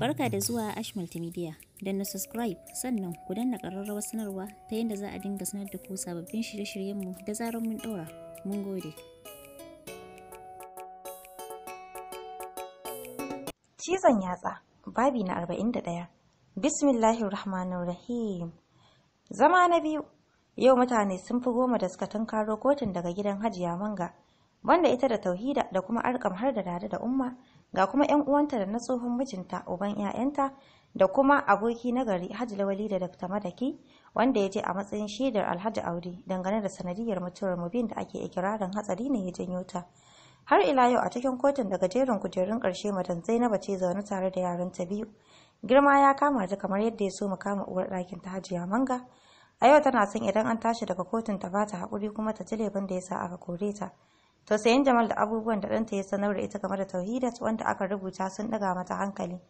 Barka da zuwa Ash Multimedia. Don na subscribe sannan ku danna ƙararrawar sanarwa ta yadda za a dinga sanar da ku sababbin shirye-shiryenmu da zarar mun ɗora. Mun gode. Cizon yatsa, babi na arba'in da ɗaya. Bismillahir Rahmanir Rahim. Zama na biyu. Yau mutane sun fi goma da suka tunkaro kotun daga gidan Hajiya Manga, banda ita da Tauhida da kuma Arkam har da Dada da Umma ga kuma 'yan uwanta da na tsohon mijinta uban 'ya'yanta da kuma aboki na gari Hajji Lawali da Dr. Madaki wanda ya je a matsayin shaidar Alhaji Audi dangane da sanadiyar mutuwar Mubin da ake ikirarin hatsari ne ya janyo ta. Har ila yau a cikin kotun daga jerin kujerun ƙarshe madan Zainaba ce zaune tare da yaranta biyu. Girma ya kama ta kamar yadda ya so mu kama uwar ɗakin ta Hajiya Manga. A yau tana son idan an tashi daga kotun ta bata haƙuri kuma ta ji leban da ya sa aka kore ta. tausayin jamal da abubuwan da ɗanta ya sanar da ita game da tauhidat wanda aka rubuta sun ɗaga mata hankali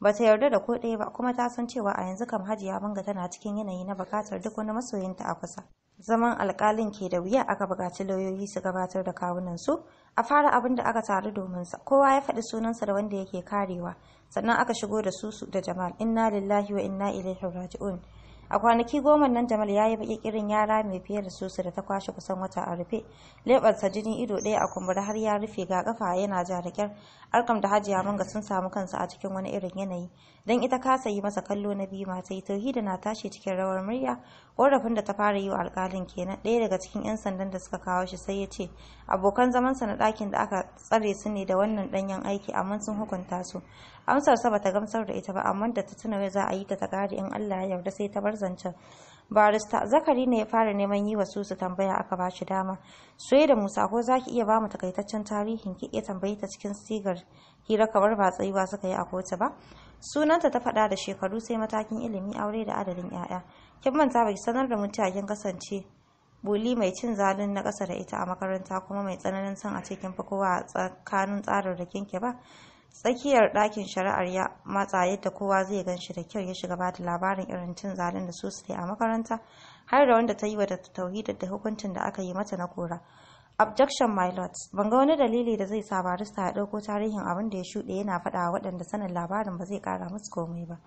ba ta yarda da ko ɗaya ba kuma ta san cewa a yanzu kam hajiya manga tana cikin yanayi na buƙatar duk wani masoyinta a kusa zaman alƙalin ke da wuya aka buƙaci lauyoyi su gabatar da kawunan su a fara abin da aka taru domin sa kowa ya faɗi sunansa da wanda yake karewa sannan aka shigo da su da jamal inna lillahi wa inna ilaihi raji'un a kwanaki goma nan jamal ya yi baki kirin yara mai fiye da sosai da ta kwashe kusan wata a rufe lebarsa jini ido ɗaya a kumbura har ya rufe ga kafa yana ja da kyar arkam da hajiya manga sun samu kansa a cikin wani irin yanayi don ita kasa yi masa kallo na biyu mata yi tauhida na tashi cikin rawar murya ƙorafin da ta fara yi wa alkalin kenan ɗaya daga cikin 'yan sandan da suka kawo shi sai ya ce abokan zaman sa na ɗakin da aka tsare su ne da wannan ɗanyen aiki amma sun hukunta su amsarsa bata gamsar da ita ba amma da ta tuna za a yi ta ta kare in allah ya yarda sai ta bar zancen barista zakari ne ya fara neman yi wa su su tambaya aka ba shi dama soye da musa ko za ki iya ba mu takaitaccen tarihin ki iya tambayi ta cikin sigar hira kamar ba tsayuwa suka yi a kotu ba sunanta ta faɗa da shekaru sai matakin ilimi aure da adadin 'ya'ya kin manta bai sanar da kin kasance boli mai cin zalun na ƙasa da ita a makaranta kuma mai tsananin son a cikin fi kowa a tsakanin tsarin da ba tsakiyar ɗakin shari'ar ya matsa yadda kowa zai gan shi da kyau ya shiga bata labarin irin cin zalin da su suke a makaranta har da wanda ta yi wa da tauhidar da hukuncin da aka yi mata na kora objection my lord ban ga wani dalili da zai sa barista ya ɗauko tarihin abin da ya shuɗe yana faɗa waɗanda sanin labarin ba zai ƙara musu komai ba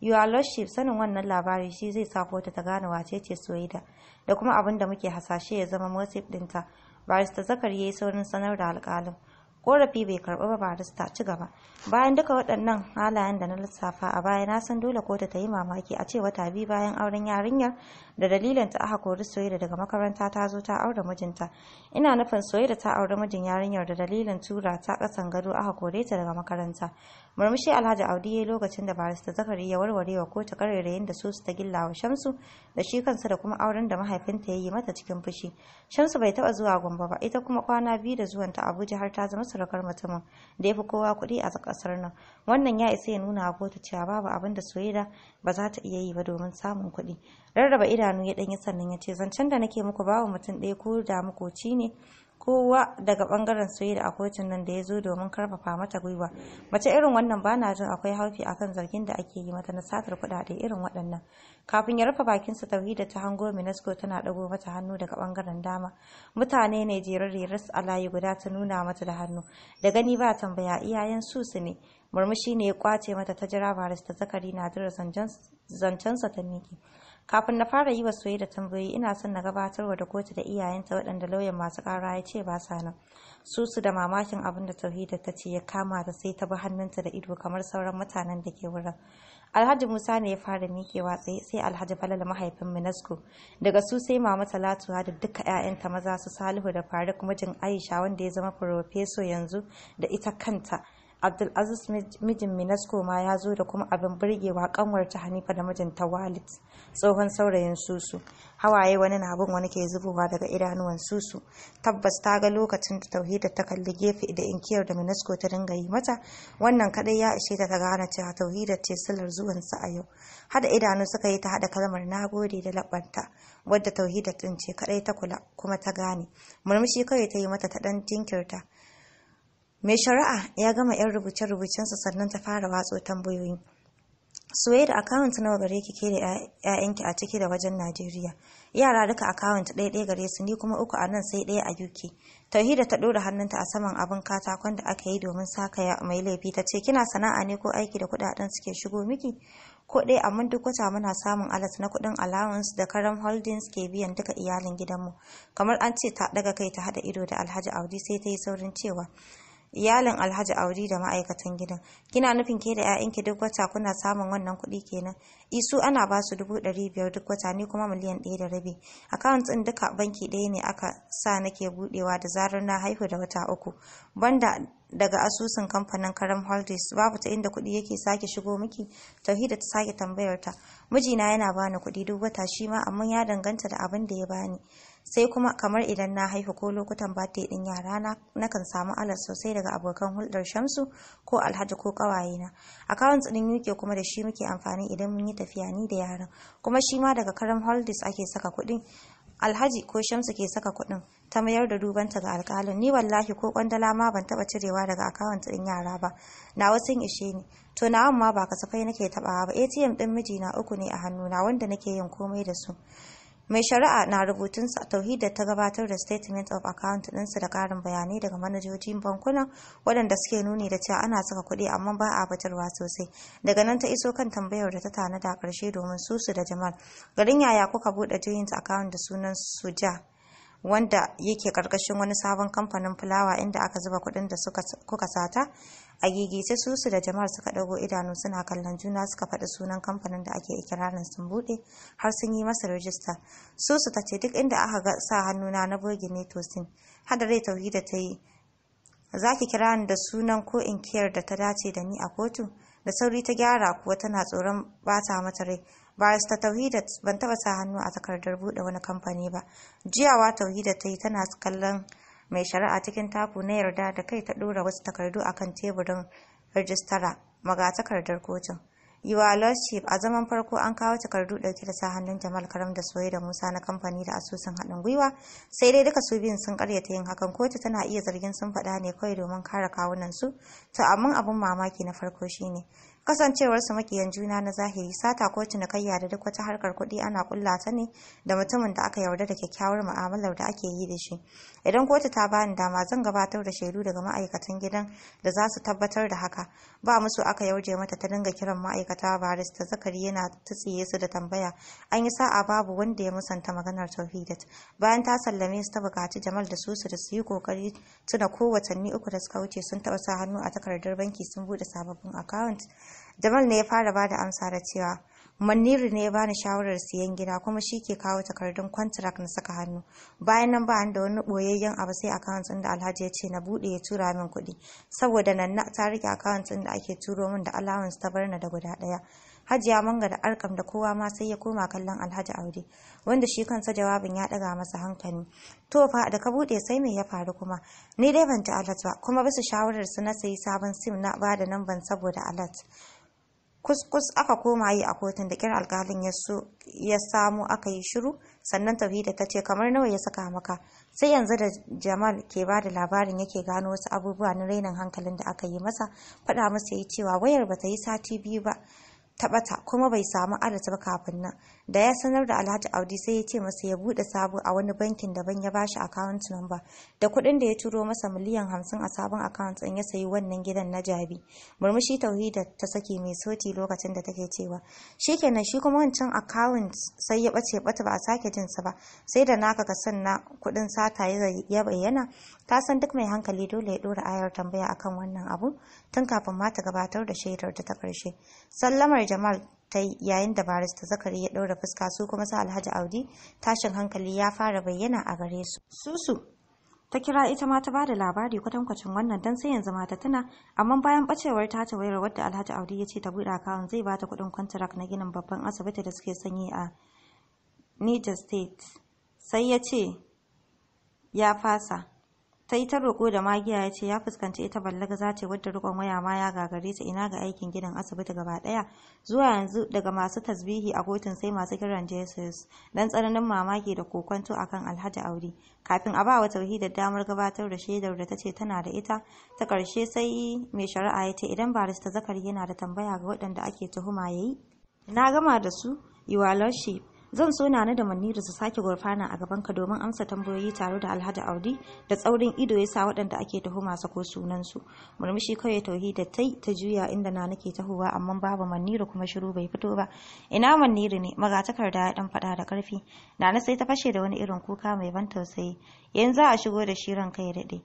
your lordship sanin wannan labari shi zai sa kotu ta gane wace ce soyayya da kuma abin da muke hasashe ya zama motif ɗinta barista zakari ya yi saurin sanar da alƙalin korafi bai karɓi ba barista ci gaba bayan duka waɗannan halayen da na lissafa a baya na san dole kotu ta yi mamaki a ce wata biyu bayan auren yarinyar da dalilin ta aka kori soyayya daga makaranta ta zo ta aure mijinta ina nufin soyayya ta aure mijin yarinyar da dalilin tura ta kasan gado aka kore ta daga makaranta murmushi alhaji audi ya lokacin da barista zakari ya warware wa kotu karerayin da su su ta gillawa shamsu da shi kansa da kuma auren da mahaifinta ya yi mata cikin fushi shamsu bai taba zuwa gombe ba ita kuma kwana biyu da zuwanta abuja har ta zama surukar mutumin da ya fi kowa kuɗi a kasar nan wannan ya isa ya nuna wa kota cewa babu abin da soyayya ba za ta iya yi ba domin samun kuɗi rarraba idanu ya danyi sannan ya ce zancen da nake muku bawa mutum ɗaya ko da makoci ne kowa daga bangaren soyayya da kotun nan da ya zo domin karfafa mata gwiwa mace irin wannan ba na jin akwai haufi akan zargin da ake yi mata na satar kuɗaɗe irin waɗannan kafin ya rufe bakinsa da ta hango minasco tana ɗago mata hannu daga bangaren dama mutane ne jerareras a layi guda ta nuna mata da hannu da gani ba tambaya iyayen su su ne murmushi ne ya kwace mata ta jira ta zakari na dira zancensa ta miƙe kafin na fara yi wa soyayya tambayoyi ina son na wa da kotu da iyayenta waɗanda lauyan masu ƙara ya ce ba sa nan su su da mamakin abin da tauhida ta ce ya kama ta sai ta bi hannunta da ido kamar sauran mutanen da ke wurin alhaji musa ne ya fara mikewa tsaye sai alhaji falala mahaifin minasco daga su sai mama talatu da duka 'ya'yanta maza su salihu da faruk mijin aisha wanda ya zama farofeso yanzu da ita kanta abdulaziz mijin minasco ma ya zo da kuma abin burgewa ta hanifa da mijinta walid tsohon saurayin susu hawaye wani na bin wani ke zubowa daga idanuwan susu tabbas ta ga lokacin da tauhida ta kalli gefe da inkiyar da minasco ta dinga yi mata wannan kadai ya ishe ta ta gane cewa tauhida ce silar zuwansa a yau hada idanu suka yi ta hada kalmar nagode da labarta wadda tauhida din ce kadai ta kula kuma ta gane murmushi kawai ta yi mata ta dan jinkirta Mai shari'a ya gama 'yan rubuce-rubucensa sannan ta fara watso tambayoyi. Soyayya da akawunt nawa gare ki ke da 'ya'yanki a ciki da wajen Najeriya. Yara duka akawunt ɗaya ɗaya gare su ni kuma uku a nan sai ɗaya a UK. Tauhida ta ɗora hannunta a saman abin katakon da aka yi domin saka ya mai laifi ta ce kina sana'a ne ko aiki da kuɗaɗen suke shigo miki? ko ɗaya amma duk wata muna samun alas na kuɗin allowance da karam holdings ke biyan duka iyalin gidanmu kamar an ce ta ɗaga kai ta haɗa ido da alhaji audi sai ta yi saurin cewa iyalin alhaji audi da ma'aikatan gidan kina nufin ke da 'ya'yanki duk wata kuna samun wannan kuɗi kenan isu ana ba su dubu ɗari biyar duk wata ni kuma miliyan ɗaya da rabi akawunt ɗin duka banki ɗaya ne aka sa nake buɗewa da zarar na haihu da wata uku banda daga asusun kamfanin karam holdings babu ta inda kuɗi yake sake shigo miki tauhida ta sake tambayar ta mijina yana bani kuɗi duk wata shi ma amma ya danganta da abin da ya bani sai kuma kamar idan na haihu ko lokutan birthday din yara na nakan samu alat sosai daga abokan hulɗar Shamsu ko Alhaji ko ƙawayena accounts din UK kuma da shi muke amfani idan mun yi tafiya ni da yaran kuma shi ma daga Karam holidays ake saka kuɗin Alhaji ko Shamsu ke saka kuɗin ta mayar da dubanta ga alƙalin ni wallahi ko kwandala ma ban taɓa cirewa daga akawunt ɗin yara ba na wasu ishe ni to na ma ba kasafai nake taɓawa ba ATM ɗin mijina uku ne a hannu na wanda nake yin komai da su mai shari'a na rubutunsa tauhida ta gabatar da statement of account ɗinsu da ƙarin bayanai daga manajojin bankunan waɗanda suke nuni da cewa ana saka kuɗi amma ba a batarwa sosai daga nan ta iso kan tambayar da ta da ƙarshe domin su su da jamal garin yaya kuka buɗe joint account da sunan suja wanda yake karkashin wani sabon kamfanin fulawa inda aka zuba kuɗin da kuka sata a gigice susu da jama'ar suka dago idanu suna kallon juna suka faɗi sunan kamfanin da ake ikirarin sun buɗe har sun yi masa rajista susu ta ce duk inda aka ga sa hannuna na bogi ne to sin hada rai tauhida ta yi za ki kira ni da sunan ko in kiyar da ta dace da ni a kotu da sauri ta gyara kuwa tana tsoron bata mata rai ta tauhida ban taba sa hannu a takardar buɗe wani kamfani ba jiyawa tauhida ta yi tana kallon mai shari'a cikin taku na yarda da kai ta ɗora wasu takardu akan teburin rijistara magatakardar kotun yiwa lordship a zaman farko an kawo takardu ɗauke da sa hannun jamal karam da soyayya da musa na kamfani da asusun haɗin gwiwa sai dai duka su biyun sun karyata yin hakan kotu tana iya zargin sun faɗa ne kawai domin kare kawunan su to amma abun mamaki na farko shine kasancewar su makiyan juna na zahiri sata ko cinikayya da duk wata harkar kuɗi ana kulla ta ne da mutumin da aka yarda da kyakkyawar mu'amalar da ake yi da shi idan kotu ta bani dama zan gabatar da shaidu daga ma'aikatan gidan da za su tabbatar da haka ba musu aka yauje mata ta dinga kiran ma'aikata barista zakari yana ta tsiye su da tambaya an yi sa'a babu wanda ya musanta maganar tauhidat bayan ta sallame su ta bukaci jamal da susu da su yi kokari tuna ko uku da suka wuce sun taɓa sa hannu a takardar banki sun buɗe sababbin akawunt Jamal ne ya fara ba da amsa da cewa Maniru ne ya bani shawarar siyan gida kuma shi ke kawo takardun kwantarak na saka hannu. Bayan nan ba da wani boyayyen abu sai akawunt ɗin da Alhaji ya ce na buɗe ya tura min kuɗi. Saboda nan na ta rike akawunt ɗin da ake turo min da allowance ta barna da guda ɗaya. Hajiya Manga da Arkam da kowa ma sai ya koma kallon Alhaji aure wanda shi kansa jawabin ya ɗaga masa hankali. To fa da ka buɗe sai me ya faru kuma? Ni dai ban ta alat ba, kuma bisa shawarar su na sayi sabon sim na bada namban saboda alat kuskus aka koma yi a kotun da kira alkalin ya samu aka yi shiru sannan da ta ce kamar nawa ya saka maka sai yanzu da jamal ke ba da labarin yake gano wasu abubuwa na rainin hankalin da aka yi masa faɗa masa yi cewa wayar ba ta yi sati biyu ba ta kuma bai samu adata ba kafin nan da ya sanar da Alhaji Audi sai ya ce masa ya bude sabo a wani bankin daban ya bashi account number da kuɗin da ya turo masa miliyan hamsin a sabon account ɗin ya sayi wannan gidan na Jabi murmushi Tauhida ta saki mai soti lokacin da take cewa shikenan shi kuma wancan account sai ya bace bata ba a sake jin sa ba sai da naka ka na kuɗin sata ya bayyana ta san duk mai hankali dole ya dora ayar tambaya akan wannan abu tun kafin ma ta gabatar da shaidar ta ta karshe sallamar Sallamar Jamal ta yayin da barista Zakari ya ɗaura fuska su kuma sa Alhaji Audi tashin hankali ya fara bayyana a gare su. Susu ta kira ita ma ta ba da labari kwatankwacin wannan don sai yanzu mata tuna amma bayan bacewar ta ta wayar wadda Alhaji Audi ya ce ta buɗe akawun zai ba ta kuɗin kwantarak na ginin babban asibiti da suke sanyi a Niger State sai ya ce ya fasa ta yi ta roƙo da magiya ya ce ya fuskanci ita ballaga za ce wadda rikon waya ma ya gagare ta ina ga aikin gidan asibiti gaba ɗaya zuwa yanzu daga masu tasbihi a kotun sai masu kiran jesus don tsananin mamaki da kokonto akan alhaji aure kafin a ba wa tauhida damar gabatar da shaidar da ta ce tana da ita ta karshe sai mai shari'a ya ce idan barista zakari yana da tambaya ga waɗanda ake tuhuma ya yi. na gama da su your zan so na da maniru su sake gurfana a gaban ka domin amsa tambayoyi tare da alhaji audi da tsaurin ido ya sa waɗanda ake tuhuma sako sunansu murmushi kawai tauhida tai ta juya inda na nake tahowa amma babu maniru kuma shiru bai fito ba ina maniru ne magatakarda ya dan faɗa da ƙarfi nana sai ta fashe da wani irin kuka mai ban tausayi yanzu a shigo da shi kai ya daɗe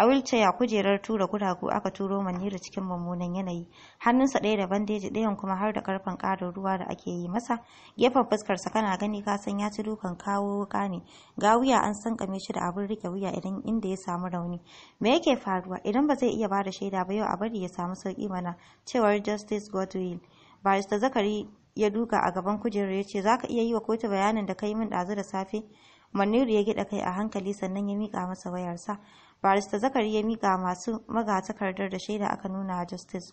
a wilcaya kujerar tura guragu aka turo maniru cikin mummunan yanayi hannunsa ɗaya da bandeji ɗayan kuma har da karfen ƙarin ruwa da ake yi masa gefen fuskarsa kana gani ka san ya ci dukan kawo wuka ne ga wuya an kame shi da abin rike wuya idan inda ya samu rauni me yake faruwa idan ba zai iya ba da shaida ba yau a bari ya samu sauki mana cewar justice godwin barista zakari ya duka a gaban kujerar ya ce za ka iya yi wa kotu bayanin da ka yi min ɗazu da safe manniru ya gida kai a hankali sannan ya miƙa masa wayarsa barista zakari ya mika masu magatakardar da shaida aka nuna a justice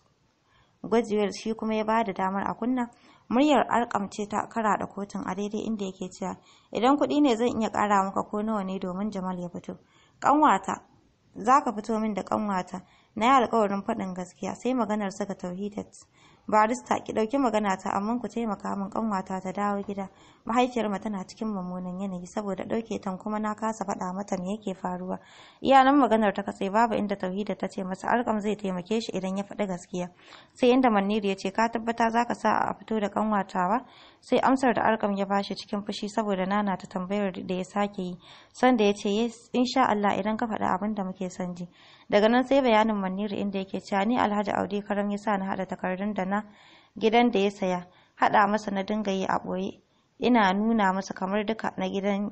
gwajiwar shi kuma ya bada damar a kunna muryar arkamce ta kara da kotun a daidai inda yake cewa idan kuɗi ne zan iya ƙara maka ko nawa ne domin jamal ya fito ƙanwata za ka fito min da ƙanwata na yi alkawarin faɗin gaskiya sai maganar saka tauhidat barista ki dauki magana ta amma ku taimaka min kanwata ta dawo gida mahaifiyar ma tana cikin mummunan yanayi saboda dauke tan kuma na kasa faɗa mata me yake faruwa iyanan maganar ta katse babu inda tauhida ta ce masa arkam zai taimake shi idan ya faɗi gaskiya sai inda manniru ya ce ka tabbata zaka sa a fito da kanwatawa sai amsar da arkam ya bashi cikin fushi saboda nana ta tambayar da ya sake yi sanda ya ce yes insha Allah idan ka faɗi abin da muke sanji. daga nan sai bayanin maniri inda yake cewa ni alhaji audi karam ya sa na haɗa takardun da na gidan da ya saya haɗa masa na dinga yi a ɓoye ina nuna masa kamar duka na gidan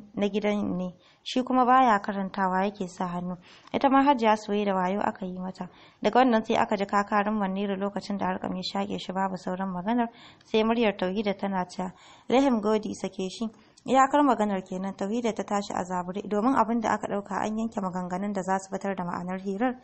ne shi kuma baya karantawa yake sa hannu ita ma hajiya soye da wayo aka yi mata daga wannan sai aka ji kakarin maniri lokacin da harkam ya shake shi babu sauran maganar sai muryar tauhida tana cewa rahim godi sake shi iyakar maganar kenan tauhida ta tashi a zaburi domin abin da aka ɗauka an yanke maganganun da za su fitar da ma'anar hirar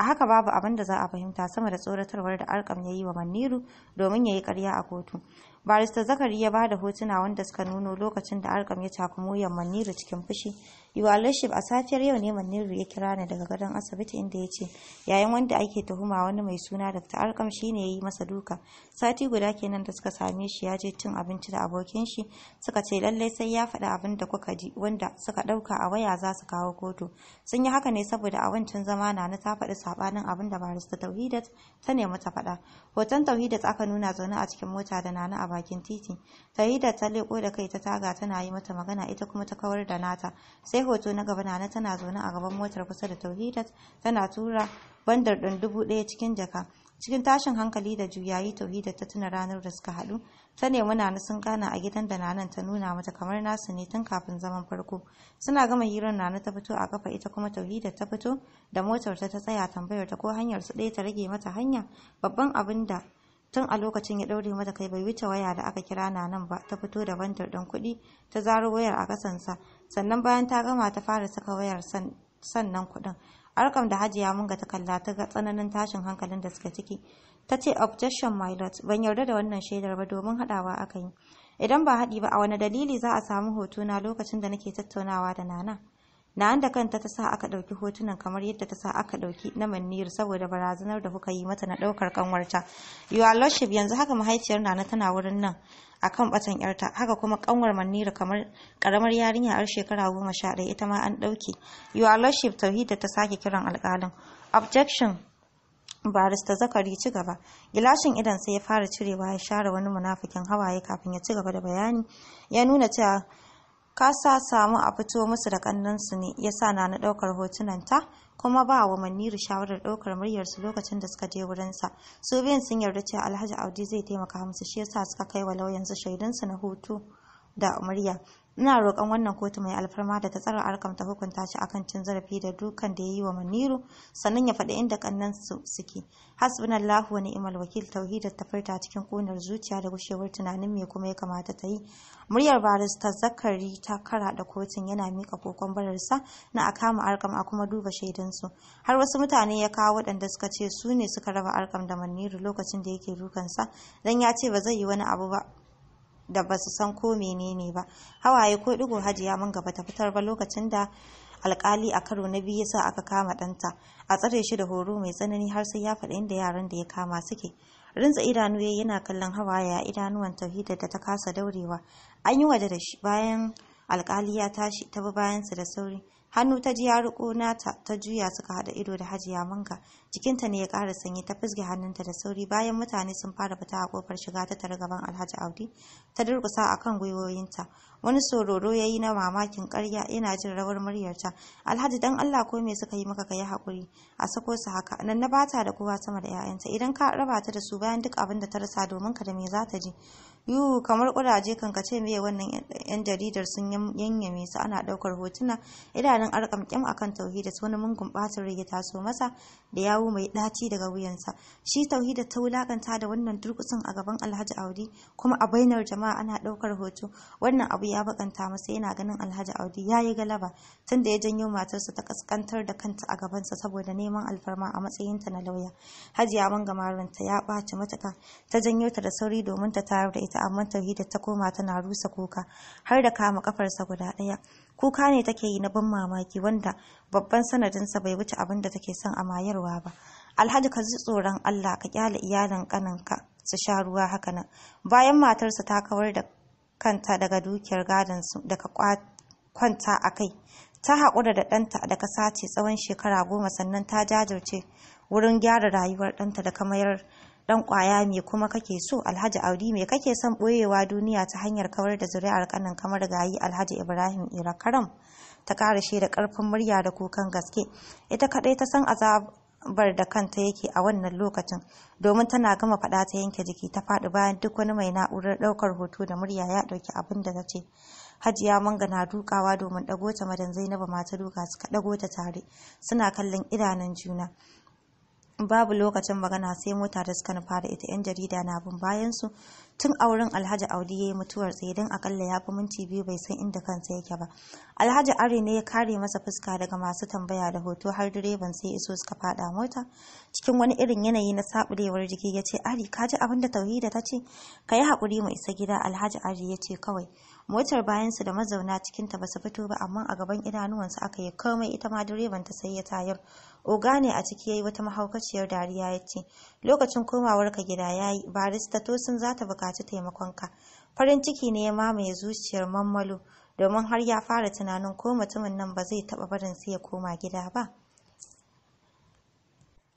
a haka babu abin da za a fahimta sama da tsoratarwar da arkam ya yi wa maniru domin ya yi karya a kotu barista zakari ya ba da hotuna wanda suka nuno lokacin da arkam ya tafi muyan maniru cikin fushi yuwalashif a safiyar yau ne maniru ya kira ni daga gadon asibiti inda ya ce yayin wanda ake tuhuma wani mai suna dr arkam shi ne ya yi masa duka sati guda kenan da suka same shi ya je cin abinci da abokin shi suka ce lallai sai ya faɗi abin da kuka ji wanda suka ɗauka a waya za su kawo kotu sun yi haka ne saboda a wancan zama na ta faɗi saɓanin abin da barista tauhidat ta nemi ta faɗa hoton tauhidat aka nuna zaune a cikin mota da nana bakin titi da ta leko da kai ta taga tana yi mata magana ita kuma ta kawar da nata sai hoto na gaba nana tana zaune a gaban motar kusa da tauhidat tana tura bandar ɗin dubu ɗaya cikin jaka cikin tashin hankali da juyayi tauhidat ta tuna ranar da suka haɗu ta nemi nana sun gana a gidan da nanan ta nuna mata kamar nasu ne tun kafin zaman farko suna gama hirar nana ta fito a kafa ita kuma tauhidat ta fito da motar ta ta tsaya tambayar ta ko hanyar su ɗaya ta rage mata hanya babban abin da tun a lokacin ya ɗaure mata kai bai wuce waya da aka kira na nan ba ta fito da bantar ɗin kuɗi ta zaro wayar a ƙasansa sannan bayan ta gama ta fara saka wayar sannan kuɗin arkam da hajiya mun ga ta kalla ta ga tsananin tashin hankalin da suka ciki ta ce objection my lord ban yarda da wannan shaidar ba domin haɗawa aka yi idan ba haɗi ba a wani dalili za a samu hotuna lokacin da nake tattaunawa da nana na da kanta ta sa aka ɗauki hotunan kamar yadda ta sa aka ɗauki na mannir saboda barazanar da kuka yi mata na ɗaukar kanwarta your lordship yanzu haka mahaifiyar nana tana wurin nan a kan batan yarta haka kuma kanwar mannira kamar karamar yarinya yar shekara goma sha ɗaya ita ma an ɗauke your lordship tauhida ta sake kiran alƙalin objection barista zakari ci gaba gilashin idan sai ya fara cirewa ya share wani munafikin hawaye kafin ya ci gaba da bayani ya nuna cewa ka sa samu a fito musu da kannansu ne ya sa na daukar hotunanta kuma ba wa maniru shawarar daukar muryarsu lokacin da suka je wurinsa su biyun sun yarda cewa alhaji audi zai taimaka musu shi yasa suka kai wa shaidun su na hutu da murya ina roƙon wannan kotu mai alfarma da ta tsara arkam ta hukunta shi akan cin zarafi da dukan da ya yi wa maniru sannan ya faɗi inda kannan su suke hasbunallahu wa ni'mal wakil tauhidar ta furta cikin ƙunar zuciya da gushewar tunanin me kuma ya kamata ta yi muryar barista zakari ta kara da kotun yana mika kokon bararsa na akama arkam a kuma duba shaidansu har wasu mutane ya kawo waɗanda suka ce su ne suka raba arkam da maniru lokacin da yake dukansa dan ya ce ba zai yi wani abu ba da ba su san ko menene ba hawaye ko digo hajiya mun gaba ta fitar ba lokacin da alkali a karo na biyu sa aka kama ɗanta a tsare shi da horo mai tsanani har sai ya faɗi inda yaran da ya kama suke rinza idanu ya yana kallon hawaye a idanuwan tauhida da ta kasa daurewa an yi waje da shi bayan alkali ya tashi ta bi bayansa da sauri hannu ta ji ya riko nata ta juya suka haɗa ido da hajiya manga jikinta ne ya kara sanyi ta fizge hannunta da sauri bayan mutane sun fara fita a kofar shiga ta tare gaban alhaji audi ta durkusa a kan gwiwoyinta wani sororo ya yi na mamakin karya yana jin rawar muryarta alhaji dan allah ko me suka yi maka ka yi haƙuri a sako su haka nan na bata da kowa sama da 'ya'yanta idan ka raba ta da su bayan duk abin da ta rasa domin ka da me za ta ji yuhu kamar kuraje kan ka ce me wannan yan jaridar sun yanyame su ana daukar hotuna idanun arkam kyam akan tauhidis wani mungun bacin ya taso masa da ya dawo mai ɗaci daga wuyansa shi tauhida ta wulakanta da wannan durkusan a gaban alhaji audi kuma a bainar jama'a ana ɗaukar hoto wannan abu ya bakanta masa yana ganin alhaji audi ya yi galaba tunda ya janyo matarsa ta kaskantar da kanta a gabansa saboda neman alfarma a matsayinta na lauya hajiya mangamarinta ya ɓaci matuka ta janyo ta da sauri domin ta tayar da ita amma tauhida ta koma tana rusa kuka har da kama kafarsa guda ɗaya kuka ne take yi na ban mamaki wanda babban sanadinsa bai wuce abin da take son a mayarwa ba alhaji ka ji tsoron allah ka kyale iyalin kananka su sha ruwa haka nan bayan matarsa ta kawar da kanta daga dukiyar gadon su daga kwanta a kai ta haƙura da ɗanta da ka sace tsawon shekara goma sannan ta jajirce wurin gyara rayuwar ɗanta da ka mayar. dan kwaya me kuma kake so alhaji audi me kake son boyewa duniya ta hanyar kawar da zuri'ar kanin kamar gayi alhaji ibrahim irakaram ta kara shi da karfin murya da kukan gaske ita kadai ta san azabar da kanta yake a wannan lokacin domin tana gama faɗa ta yanke jiki ta faɗi bayan duk wani mai na'urar ɗaukar hoto da murya ya ɗauki abin da ta ce Hajiya Manga na dukawa domin dago ta madan Zainabu mata duka suka ɗago ta tare suna kallon idanun juna. babu lokacin magana sai mota da suka nufa da ita yan jarida na bin bayan su tun auren alhaji audi ya yi mutuwar tsaye don akalla ya fi minti biyu bai san inda kansa yake ba alhaji are ne ya kare masa fuska daga masu tambaya da hoto har direban sai iso suka fada mota cikin wani irin yanayi na sabulewar jiki ya ce ari ka ji abin da tauhida ta ce ka yi haƙuri mu isa gida alhaji ari yace kawai motar bayan su da mazauna cikinta ba su fito ba amma a gaban idanuwansu aka yi komai ita ma direban ta sai ya tayar oga ne a ciki yayi wata mahaukaciyar dariya ya ce lokacin komawarka gida yayi barista tosin za ta buƙaci taimakonka farin ciki ne ya mamaye zuciyar mammalo domin har ya fara tunanin ko mutumin nan ba zai taɓa barin sai ya koma gida ba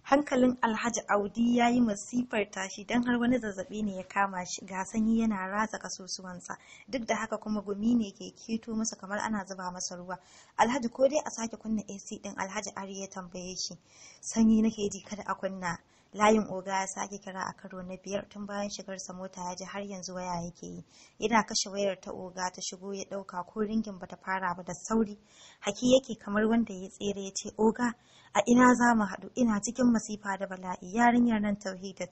hankalin alhaji audi ya yi masifar tashi don har wani zazzabi ne ya kama shi ga sanyi yana ratsa kasusuwansa duk da haka kuma gumi ne ke keto masa kamar ana zuba masa ruwa alhaji ko dai a sake kunna ac din alhaji ari ya tambaye shi sanyi nake ji kada a kunna layin oga ya sake kira a karo na biyar tun bayan shigarsa mota ya ji har yanzu waya yake yi yana kashe wayar ta oga ta shigo ya ɗauka ko ringin bata fara ba da sauri haki yake kamar wanda ya tsere ya ce oga a ina za mu haɗu ina cikin masifa da bala'i yarinyar nan tauhidat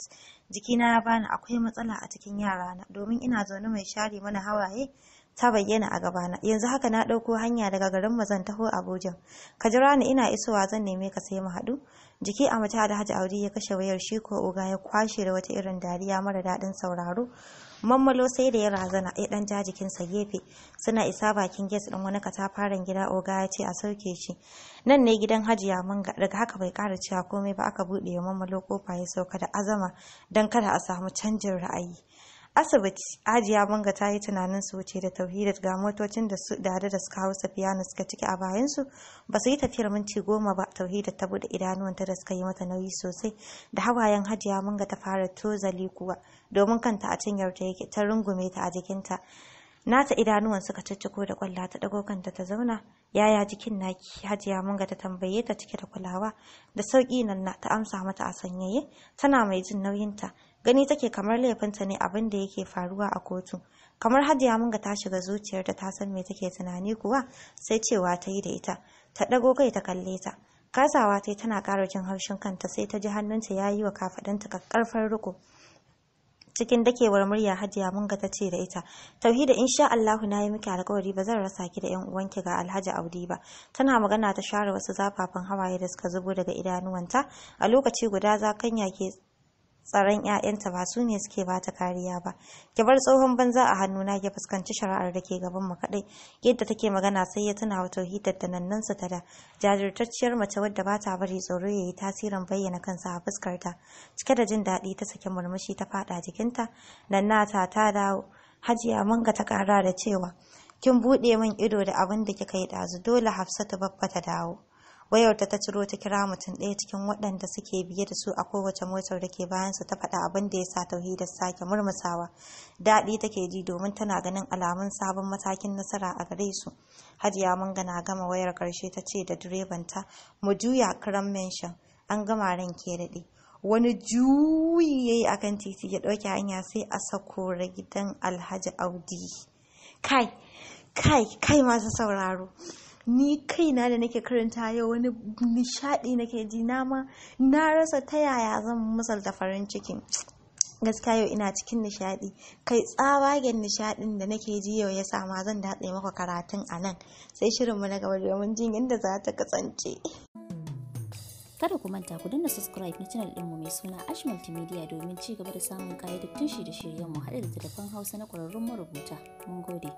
jikina ya bani akwai matsala a cikin yarana domin ina zaune mai share mana hawaye ta bayyana a gabana yanzu haka na ɗauko hanya daga garin mu zan taho Abuja ka jira ni ina isowa zan neme ka sai mu haɗu jiki a mata da hajji audi ya kashe wayar shi ko oga ya kwashe da wata irin dariya mara daɗin sauraro mammalo sai da ya razana ya dan ja gefe suna isa bakin gas din wani katafaren gida oga ya ce a sauke shi nan ne gidan hajiya manga daga haka bai kara cewa komai ba aka buɗe mammalo kofa ya sauka da azama don kada a samu canjin ra'ayi asibiti ajiya banga ta yi tunanin su wuce da tauhidat ga motocin da su da da suka hau na suka cike a bayansu ba su yi tafiyar minti goma ba tauhidat ta bude idanuwanta da suka yi mata nauyi sosai da hawayen hajiya banga ta fara tozali kuwa domin kanta a cinyar ta yake ta rungume ta a jikinta nata idanuwan suka cicciko da kwalla ta dago kanta ta zauna yaya jikin naki hajiya munga ta tambaye ta cike da kulawa da sauki nan na ta amsa mata a sanyaye tana mai jin nauyinta gani take kamar laifinta ne abin da yake faruwa a kotu kamar hajiya munga ta shiga zuciyar ta san me take tunani kuwa sai cewa ta yi da ita ta ɗago kai ta kalle ta kasawa ta tana ƙara jin haushin kanta sai ta ji hannunta ya yi wa kafaɗanta kakkarfar riko cikin dakewar murya hajiya munga ta ce da ita tauhida insha Allahu na yi miki alkawari ba zan rasa ki da yan uwanki ga Alhaji Audi ba tana magana ta share wasu zafafan hawaye da suka zubo daga idanuwanta a lokaci guda zakanya ke tsaron 'ya'yanta ba su ne suke ba ta kariya ba ki bar tsohon banza a hannuna ya fuskanci shari'ar da ke gaban mu kaɗai. yadda take magana sai ya tuna wa tauhidar da sa ta da jajirtacciyar mace wadda ba ta bari tsoro ya yi tasirin bayyana kansa a fuskarta cike da jin daɗi ta sake murmushi ta faɗa jikinta nannata ta ta dawo hajiya manga ta ƙara da cewa kin buɗe min ido da abin da kika yi ɗazu dole hafsatu babba ta dawo wayarta ta ciro ta kira mutum ɗaya cikin waɗanda suke biye da su a kowace motar da ke bayansa ta faɗa abin da ya sa tauhida sake murmusawa daɗi take ji domin tana ganin alamun sabon matakin nasara a gare su hajiya manga na gama wayar ƙarshe ta ce da ta mu juya kiran mention an gama ran ke daɗe wani juyi ya yi akan titi ya ɗauke hanya sai a sako gidan alhaji audi kai kai kai masu sauraro ni kaina da nake karanta yau wani nishadi nake ji nama na rasa ta yaya zan misalta farin cikin gaskiya yau ina cikin nishadi kai tsabagen nishadin da nake ji yau ya sama zan datse maka karatun a nan sai shirinmu na gaba domin jin yadda za ta kasance kada ku manta ku danna subscribe na channel ɗinmu mai suna ash multimedia domin ci gaba da samun kayyadattun shirye-shiryenmu haɗa da telefon hausa na ƙwararrun marubuta mun gode